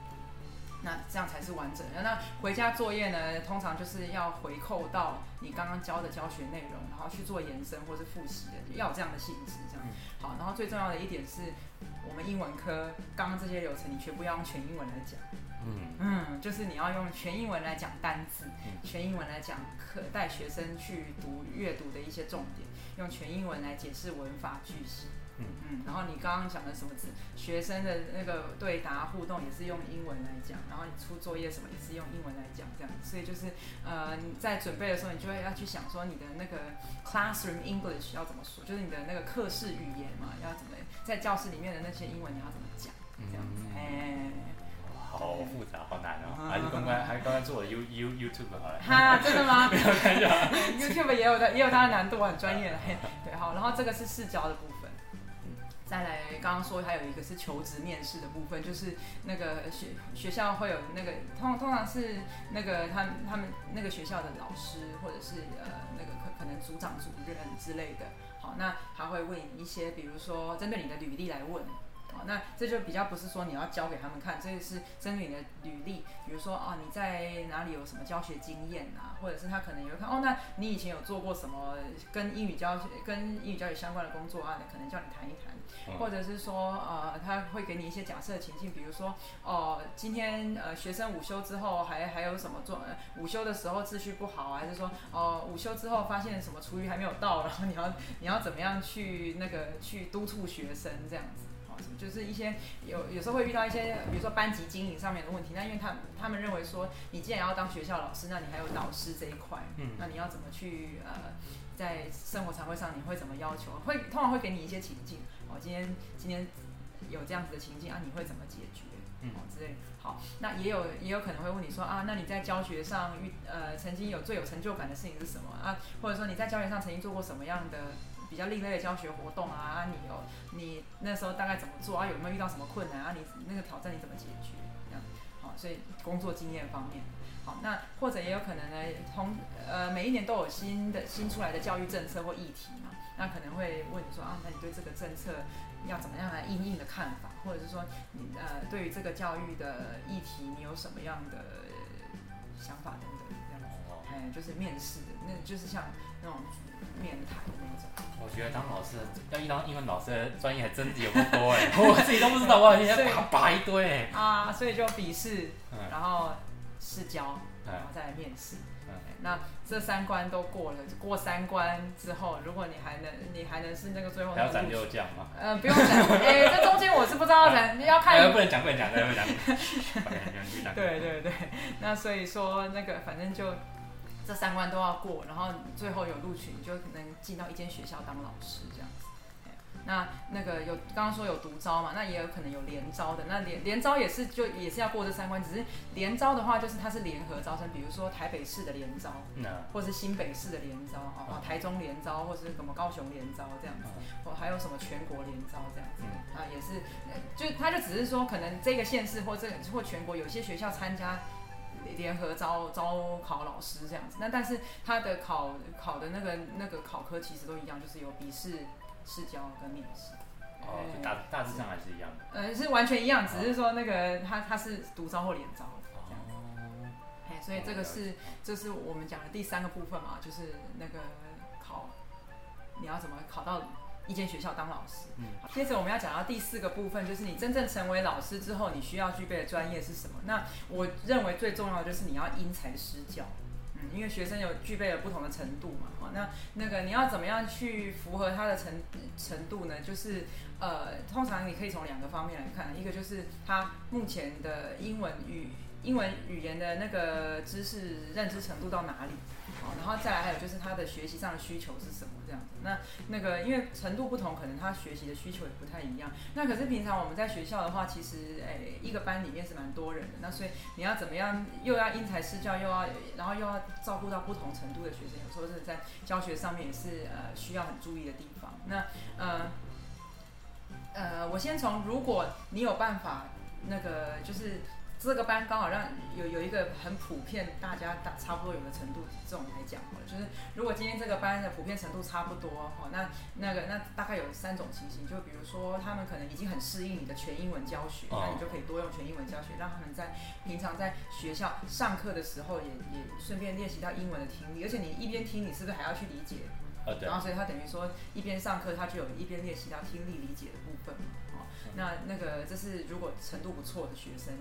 那這樣才是完整的。那回家作業呢，通常就是要回扣到你剛剛教的教學內容，然後去做延伸或是複習的，要有這樣的性質。這樣好。然後最重要的一點是，我們英文科剛剛這些流程，你全部要用全英文來講。嗯嗯，就是你要用全英文來講單字，全英文來講課，帶學生去讀閱讀的一些重點，用全英文來解釋文法句型。嗯，嗯，然後你剛剛講的什麼，學生的那個對答互動也是用英文來講，然後你出作業什麼也是用英文來講，這樣，所以就是呃你在準備的時候，你就會要去想說你的那個 classroom English 要怎麼說，就是你的那個課室語言嘛，要怎麼在教室裡面的那些英文你要怎麼講，這樣子，哎、嗯誒哦，好複雜，好難哦，啊、還是剛剛、啊、還剛剛做 U you, (laughs) U you, YouTube 好了。哈、 (laughs) 啊，真的嗎 (laughs) (laughs) ？YouTube 也有的，也有它的難度，很專業的，對，好，然後這個是試教的部分。再來，剛剛說還有一個是求職面試的部分，就是那個學學校會有那個通通常是那個他他們那個學校的老師或者是呃那個可可能組長主任之類的，好，那他會問一些，比如說針對你的履歷來問。哦、那這就比較不是說你要教給他們看，這個是針對你的履歷，比如說啊、哦，你在哪裡有什麼教學經驗啊，或者是他可能也會看哦，那你以前有做過什麼跟英語教學，跟英語教育相關的工作啊？可能叫你談一談，或者是說呃，他會給你一些假設情境，比如說哦、呃，今天呃學生午休之後還還有什麼做、呃，午休的時候秩序不好、啊，還是說哦、呃、午休之後發現什麼廚餘還沒有到了，然後你要你要怎麼樣去那個去督促學生這樣子。就是一些有有時候會遇到一些，比如說班級經營上面的問題，那因為他他們認為說，你既然要當學校老師，那你還有導師這一塊，嗯，那你要怎麼去呃，在生活常會上你會怎麼要求？會通常會給你一些情境，哦，今天今天有這樣子的情境啊，你會怎麼解決？嗯，之類的。好，那也有也有可能會問你說啊，那你在教學上遇呃曾經有最有成就感的事情是什麼啊？或者說你在教學上曾經做過什麼樣的？比較另類的教學活動啊，啊你有，你那時候大概怎麼做啊？有沒有遇到什麼困難啊？你那個挑戰你怎麼解決？這樣好，所以工作經驗方面，好，那或者也有可能呢，從呃每一年都有新的新出來的教育政策或議題嘛，那可能會問你說啊，那你對這個政策要怎麼樣來因應的看法，或者是說你呃對於這個教育的議題你有什麼樣的想法等等這樣子，嗯、呃，就是面試，那就是像。那種面談的那種。我覺得當老師，要一當英文老師，專業還真的有不多哎， (laughs) 我自己都不知道，我好像白堆啊，所以就筆試，然後試教，然後再來面試。嗯嗯、那這三關都過了，過三關之後，如果你還能，你還能是那個最後，還要斬六將嗎？呃，不用斬，哎、 (laughs) 欸，這中間我是不知道的 (laughs) 你要看你不。不能講，不能講，不能講。不能講，不能講，對，對對對。 (laughs) 那所以說，那個反正就。這三關都要過，然後最後有錄取，你就能進到一間學校當老師這樣子。那那個有剛剛說有獨招嘛，那也有可能有聯招的。那聯聯招也是就也是要過這三關，只是聯招的話就是它是聯合招生，比如說台北市的聯招，或是新北市的聯招，啊，台中聯招，或是什麼高雄聯招這樣子。哦，還有什麼全國聯招這樣子啊，也是就他就只是說可能這個縣市或這個，或全國有些學校參加。聯合招招考老師這樣子，那但是他的考考的那個那個考科其實都一樣，就是有筆試、試教跟面試。哦，大大致上還是一樣的。呃，是完全一樣，只是說那個他他是獨招或聯招哦。哎、哦，所以這個是、哦、這是我們講的第三個部分嘛，就是那個考你要怎麼考到。一間學校當老師，嗯，接着我們要講到第四個部分，就是你真正成為老師之後，你需要具備的專業是什麼？那我認為最重要的就是你要因材施教，嗯，因為學生有具備了不同的程度嘛，好，那那個你要怎麼樣去符合他的程程度呢？就是呃，通常你可以從兩個方面來看，一個就是他目前的英文語。英文語言的那個知識認知程度到哪裡？好，然後再來還有就是他的學習上的需求是什麼這樣子？那那個因為程度不同，可能他學習的需求也不太一樣。那可是平常我們在學校的話，其實誒、欸，一個班裡面是蠻多人的。那所以你要怎麼樣，又要因材施教，又要然後又要照顧到不同程度的學生，有時候是在教學上面也是呃需要很注意的地方。那呃呃，我先從如果你有辦法，那個就是。這個班剛好讓有有一個很普遍，大家大差不多有的程度這種來講好了，就是如果今天這個班的普遍程度差不多哦，那那個那大概有三種情形，就比如說他們可能已經很適應你的全英文教學，那你就可以多用全英文教學，讓他們在平常在學校上課的時候也也順便練習到英文的聽力，而且你一邊聽你是不是還要去理解？啊對。然後所以他等於說一邊上課他就有一邊練習到聽力理解的部分嘛，哦。那那個這是如果程度不錯的學生。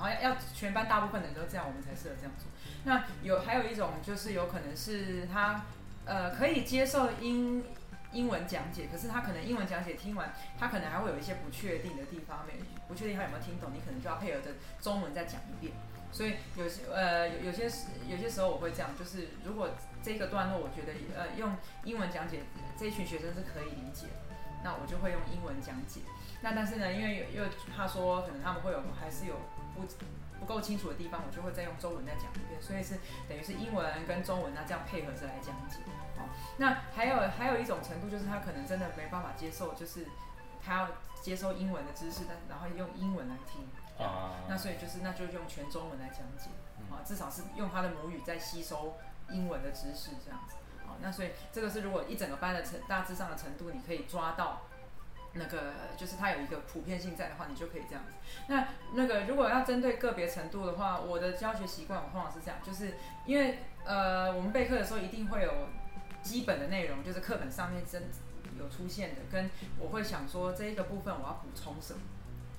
然後要全班大部分人都這樣，我們才適合這樣做。那有還有一種就是有可能是他，呃，可以接受英英文講解，可是他可能英文講解聽完，他可能還會有一些不確定的地方，沒不確定他有沒有聽懂，你可能就要配合着中文再講一遍。所以有些呃有，有些時有些時候我會這樣，就是如果這個段落我覺得呃用英文講解這一群學生是可以理解，那我就會用英文講解。那但是呢，因為有又怕說可能他們會有還是有。不不夠清楚的地方，我就會再用中文再講一遍，所以是等於是英文跟中文呢、啊，這樣配合着來講解啊。那還有還有一種程度，就是他可能真的沒辦法接受，就是他要接受英文的知識，但然後用英文來聽啊。Uh、那所以就是那就用全中文來講解啊，至少是用他的母語在吸收英文的知識這樣子啊。那所以這個是如果一整個班的程大致上的程度，你可以抓到。那個就是它有一個普遍性在的話，你就可以這樣子。那那個如果要針對個別程度的話，我的教學習慣我通常是這樣，就是因為呃我們備課的時候一定會有基本的內容，就是課本上面真有出現的，跟我會想說這一個部分我要補充什麼。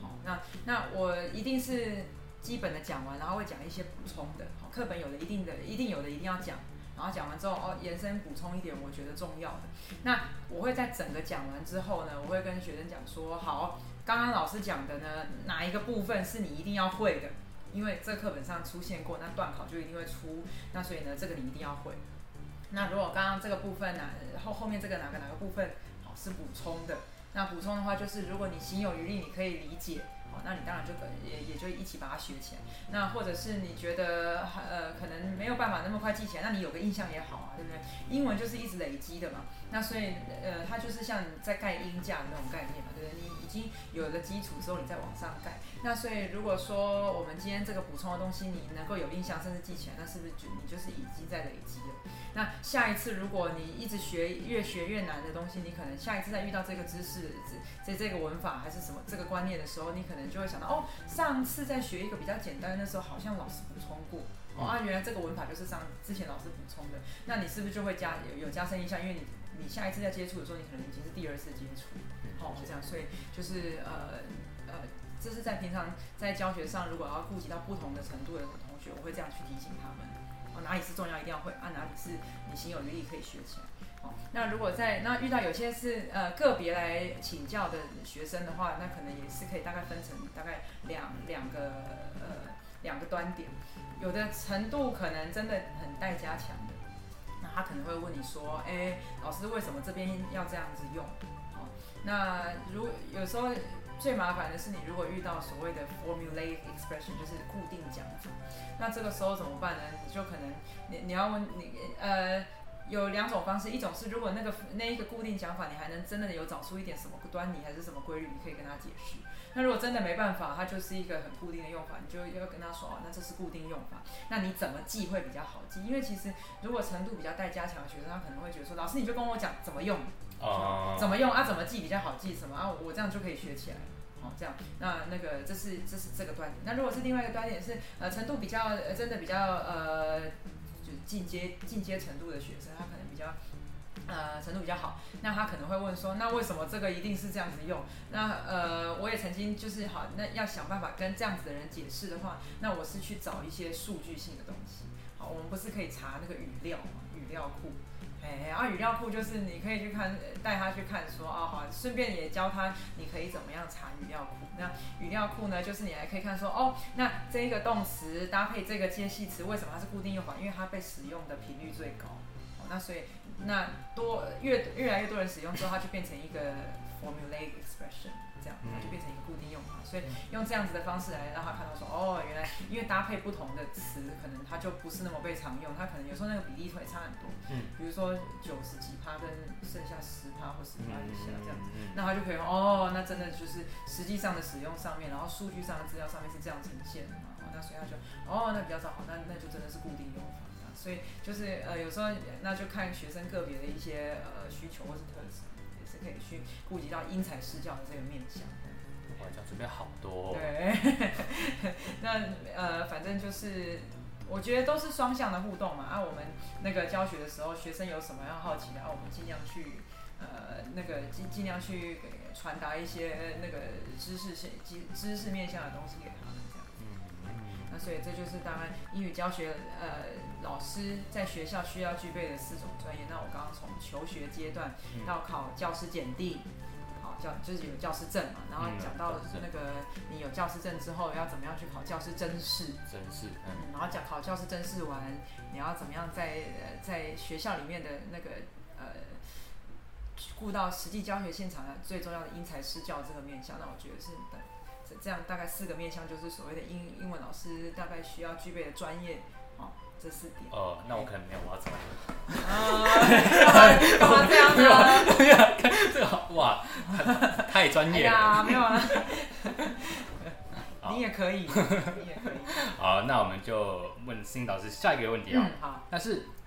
好、哦，那那我一定是基本的講完，然後會講一些補充的。好，課本有了一定的，一定有的，一定要講。然後講完之後，哦，延伸補充一點，我覺得重要的。那我會在整個講完之後呢，我會跟學生講說，好，剛剛老師講的呢，哪一個部分是你一定要會的？因為這課本上出現過，那段考就一定會出，那所以呢，這個你一定要會。那如果剛剛這個部分呢、呃，後後面這個哪個哪個部分，好，是補充的，那補充的話就是，如果你行有餘力，你可以理解。那你當然就本也也就一起把它學起來。那或者是你覺得呃可能沒有辦法那麼快記起來，那你有個印象也好啊，對不對？英文就是一直累積的嘛。那所以，呃，它就是像在蓋鷹架的那種概念嘛，就是你已經有了基礎之後，你再往上蓋。那所以，如果說我們今天這個補充的東西，你能夠有印象，甚至記起來，那是不是就你就是已經在累積了？那下一次，如果你一直學越學越難的東西，你可能下一次再遇到這個知識、這這個文法還是什麼這個觀念的時候，你可能就會想到，哦，上次在學一個比較簡單的時候，好像老師補充過，哦啊，原來這個文法就是上之前老師補充的，那你是不是就會加有加深印象？因為你。你下一次再接觸的時候，你可能已經是第二次接觸，哦，就這樣，所以就是呃呃，這是在平常在教學上，如果要顧及到不同的程度的同學，我會這樣去提醒他們，哦，哪裡是重要一定要會啊，哪裡是你行有餘力可以學起來，哦，那如果在那遇到有些是呃個別來請教的學生的話，那可能也是可以大概分成大概兩兩個呃兩個端點，有的程度可能真的很待加強的。他可能會問你說：“哎、欸，老師，為什麼這邊要這樣子用？”哦，那如有時候最麻煩的是，你如果遇到所謂的 formulaic expression，就是固定講法，那這個時候怎麼辦呢？你就可能你你要問你呃。有兩種方式，一種是如果那個那一個固定講法，你還能真的有找出一點什麼端倪還是什麼規律，你可以跟他解釋。那如果真的沒辦法，它就是一個很固定的用法，你就要跟他說哦，那這是固定用法，那你怎麼記會比較好記？因為其實如果程度比較待加強的學生，他可能會覺得說，老師你就跟我講怎麼用，怎麼用啊，怎麼記比較好記什麼啊，我這樣就可以學起來。好、哦，這樣那那個這是這是這個端點。那如果是另外一個端點是呃程度比較、呃、真的比較呃。就是進階進階程度的學生，他可能比較呃程度比較好，那他可能會問說，那為什麼這個一定是這樣子用？那呃我也曾經就是好，那要想辦法跟這樣子的人解釋的話，那我是去找一些數據性的東西。好，我們不是可以查那個語料嗎？語料庫。哎，啊，語料庫就是你可以去看，帶他去看說啊、哦，好，順便也教他你可以怎麼樣查語料庫。那語料庫呢，就是你還可以看說哦，那這一個動詞搭配這個介系詞，為什麼它是固定用法？因為它被使用的頻率最高。那所以那多越越來越多人使用之後，它就變成一個 formulaic expression。這樣，他就變成一個固定用法。所以用這樣子的方式來讓他看到說，哦，原來因為搭配不同的詞，可能他就不是那麼被常用。他可能有時候那個比例會差很多。比如說九十幾趴跟剩下十趴或十趴以下這樣子，那他就可以說，哦，那真的就是實際上的使用上面，然後數據上的資料上面是這樣呈現的嘛。那所以他就，哦，那比較早。那那就真的是固定用法。所以就是呃，有時候那就看學生個別的一些呃需求或是特質。可以去顧及到因材施教的這個面向，我講準備好多。哦。對，呵呵那，呃，反正就是我覺得都是雙向的互動嘛。啊，我們那個教學的時候，學生有什麼要好奇的，啊，我們盡量去呃那個盡盡量去給傳達一些、呃、那個知識性、知知識面向的東西給他們。所以這就是當然英語教學呃老師在學校需要具備的四種專業。那我剛剛從求學階段到考教師檢定，好、嗯、教就是有教師證嘛，然後講到了那個你有教師證之後要怎麼樣去考教師甄試，甄試，嗯、然後講考教師甄試完你要怎麼樣在、呃、在學校裡面的那個呃顧到實際教學現場的最重要的因材施教這個面向，那我覺得是。這樣大概四個面向，就是所謂的英英文老師大概需要具備的專業哦，這四點。哦，那我可能沒有，我要走了。幹嘛，這樣子？對啊，這個好哇，太專業了。沒有啊，你也可以，你也可以。好，那我們就問新導師下一個問題啊。好，但是。